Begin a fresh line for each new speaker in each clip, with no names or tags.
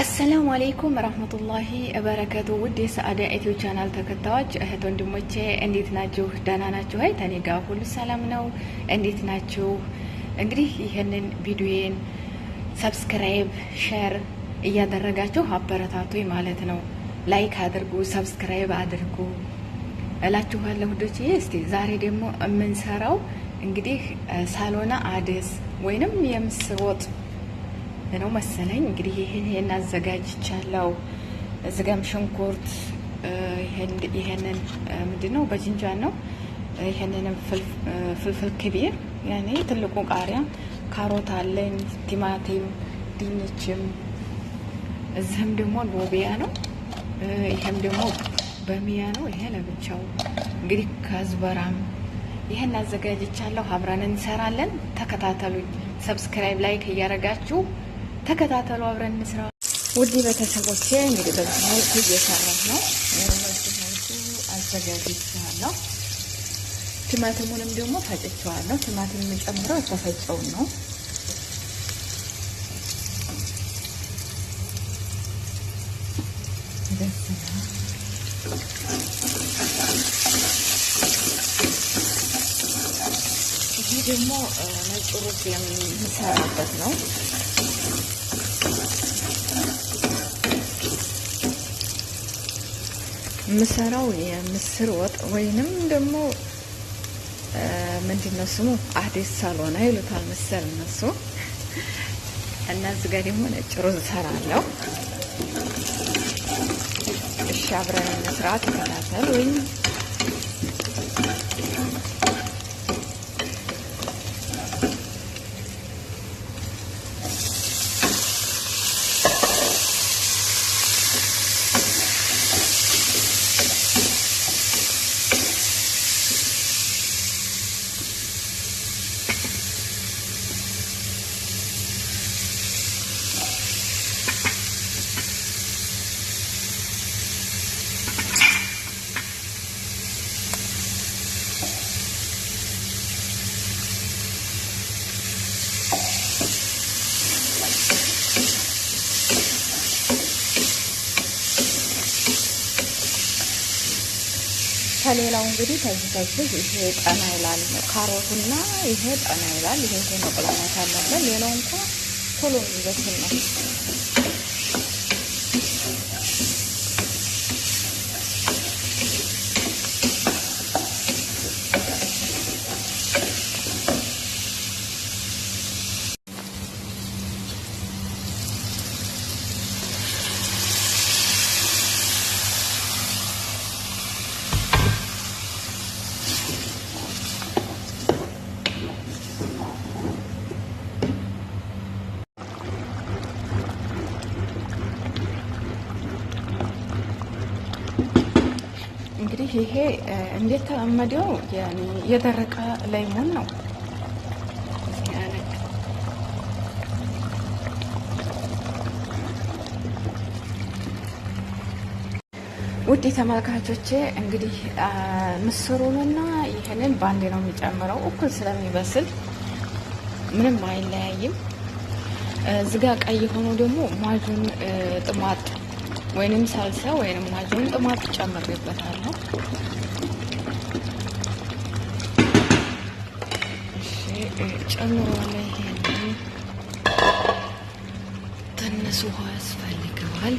አሰላሙ አሌይኩም ረህመቱላሂ በረከቱ ውድ የሰአዳ ኢትዮ ቻናል ተከታዮች እህት ወንድሞቼ እንዴት ናችሁ? ደህና ናችሁ? ሀይ ተኔ ጋር ሁሉ ሰላም ነው። እንዴት ናችሁ? እንግዲህ ይህንን ቪዲዮዬን ሰብስክራይብ፣ ሼር እያደረጋችሁ አበረታቱኝ ማለት ነው። ላይክ አድርጉ፣ ሰብስክራይብ አድርጉ እላችኋለሁ ውዶቼ። እስቲ ዛሬ ደግሞ የምንሰራው እንግዲህ ሳሎና አደስ ወይንም የምስር ወጥ ነው መሰለኝ። እንግዲህ ይህን ይህን አዘጋጅቻለሁ። እዚህ ጋም ሽንኩርት ይህንን ምንድን ነው በጅንጃ ነው። ይህንንም ፍልፍል ክቤ ያኔ ትልቁ ቃሪያ፣ ካሮት አለኝ፣ ቲማቲም፣ ድንችም እዚህም ደግሞ ሎቢያ ነው። ይሄም ደግሞ በሚያ ነው። ይሄ ለብቻው እንግዲህ ከዝበራም ይሄን አዘጋጅቻለሁ። አብረን እንሰራለን። ተከታተሉኝ። ሰብስክራይብ፣ ላይክ እያደረጋችሁ ተከታተሉ፣ አብረን እንስራ። ውድ ቤተሰቦቼ እንግዲህ በዚህ መልኩ እየሰራሁ ነው። በዚህ መልኩ አዘጋጅቼዋለሁ። ቲማቲሙንም ደግሞ ፈጭቼዋለሁ። ቲማቲም የምጨምረው የተፈጨውን ነው። ይህ ደግሞ ነጭ ሩዝ የምሰራበት ነው። የምሰራው የምስር ወጥ ወይንም ደግሞ ምንድን ነው ስሙ አዲስ ሳሎና ይሉታል መሰል እነሱ። እና እዚህ ጋር ደግሞ ነጭ ሩዝ እሰራለሁ። እሺ አብረን መስራት ይከታተል ወይም ከሌላው እንግዲህ ከዚህ ከዚህ ይሄ ጠና ይላል ነው ካሮቱና ይሄ ጠና ይላል። ይሄ መቁላላት አለበት። ሌላው እንኳ ቶሎ የሚበስል ነው። ይሄ እንዴት ተለመደው የደረቀ ላይሞን ነው። ውድ ተመልካቾቼ እንግዲህ ምስሩንና ይህንን በአንድ ነው የሚጨምረው እኩል ስለሚበስል ምንም አይለያይም። ዝጋ ቀይ የሆነው ደግሞ ማጁን ጥማጥ ወይንም ሳልሳ ወይንም ማጅን ጥማት ጨምሬበታለሁ። እሺ ጨምሯለ። ይሄን ትንሽ ውሃ ያስፈልገዋል።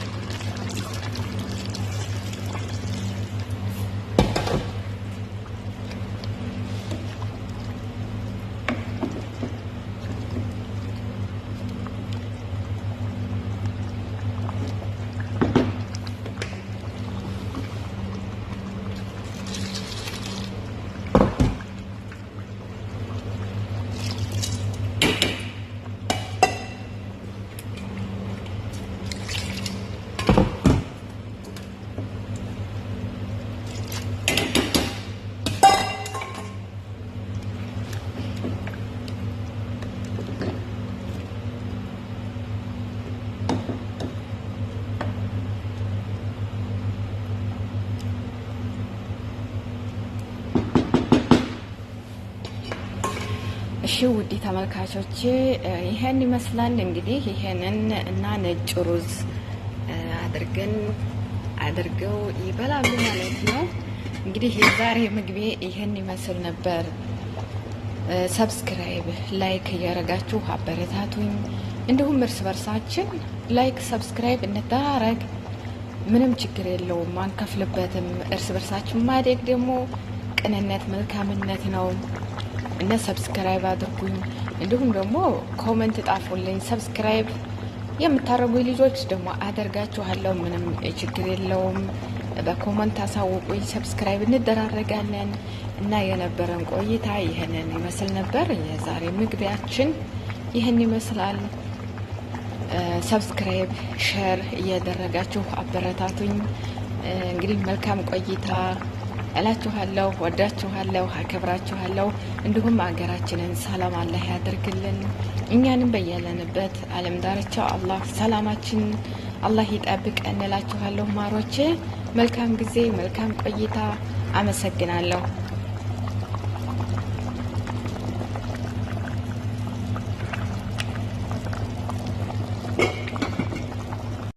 እሺ ውድ ተመልካቾች ይሄን ይመስላል እንግዲህ ይሄንን እና ነጭ ሩዝ አድርገን አድርገው ይበላሉ ማለት ነው። እንግዲህ የዛሬ ምግቤ ይሄን ይመስል ነበር። ሰብስክራይብ፣ ላይክ እያረጋችሁ አበረታቱኝ። እንዲሁም እርስ በርሳችን ላይክ፣ ሰብስክራይብ እንተራረግ ምንም ችግር የለውም፣ አንከፍልበትም። እርስ በርሳችን ማደግ ደግሞ ቅንነት፣ መልካምነት ነው። እና ሰብስክራይብ አድርጉኝ። እንዲሁም ደግሞ ኮመንት ጣፉልኝ። ሰብስክራይብ የምታደርጉኝ ልጆች ደግሞ አደርጋችኋለሁ። ምንም ችግር የለውም። በኮመንት አሳውቁኝ። ሰብስክራይብ እንደራረጋለን እና የነበረን ቆይታ ይህንን ይመስል ነበር። የዛሬ ምግቢያችን ይህን ይመስላል። ሰብስክራይብ፣ ሼር እያደረጋችሁ አበረታቱኝ። እንግዲህ መልካም ቆይታ እላችኋለሁ። ወዳችኋለሁ፣ አከብራችኋለሁ። እንዲሁም ሀገራችንን ሰላም አላህ ያደርግልን። እኛንም በያለንበት ዓለም ዳርቻው አላህ ሰላማችን አላህ ይጠብቅ እንላችኋለሁ። ማሮቼ መልካም ጊዜ፣ መልካም ቆይታ። አመሰግናለሁ።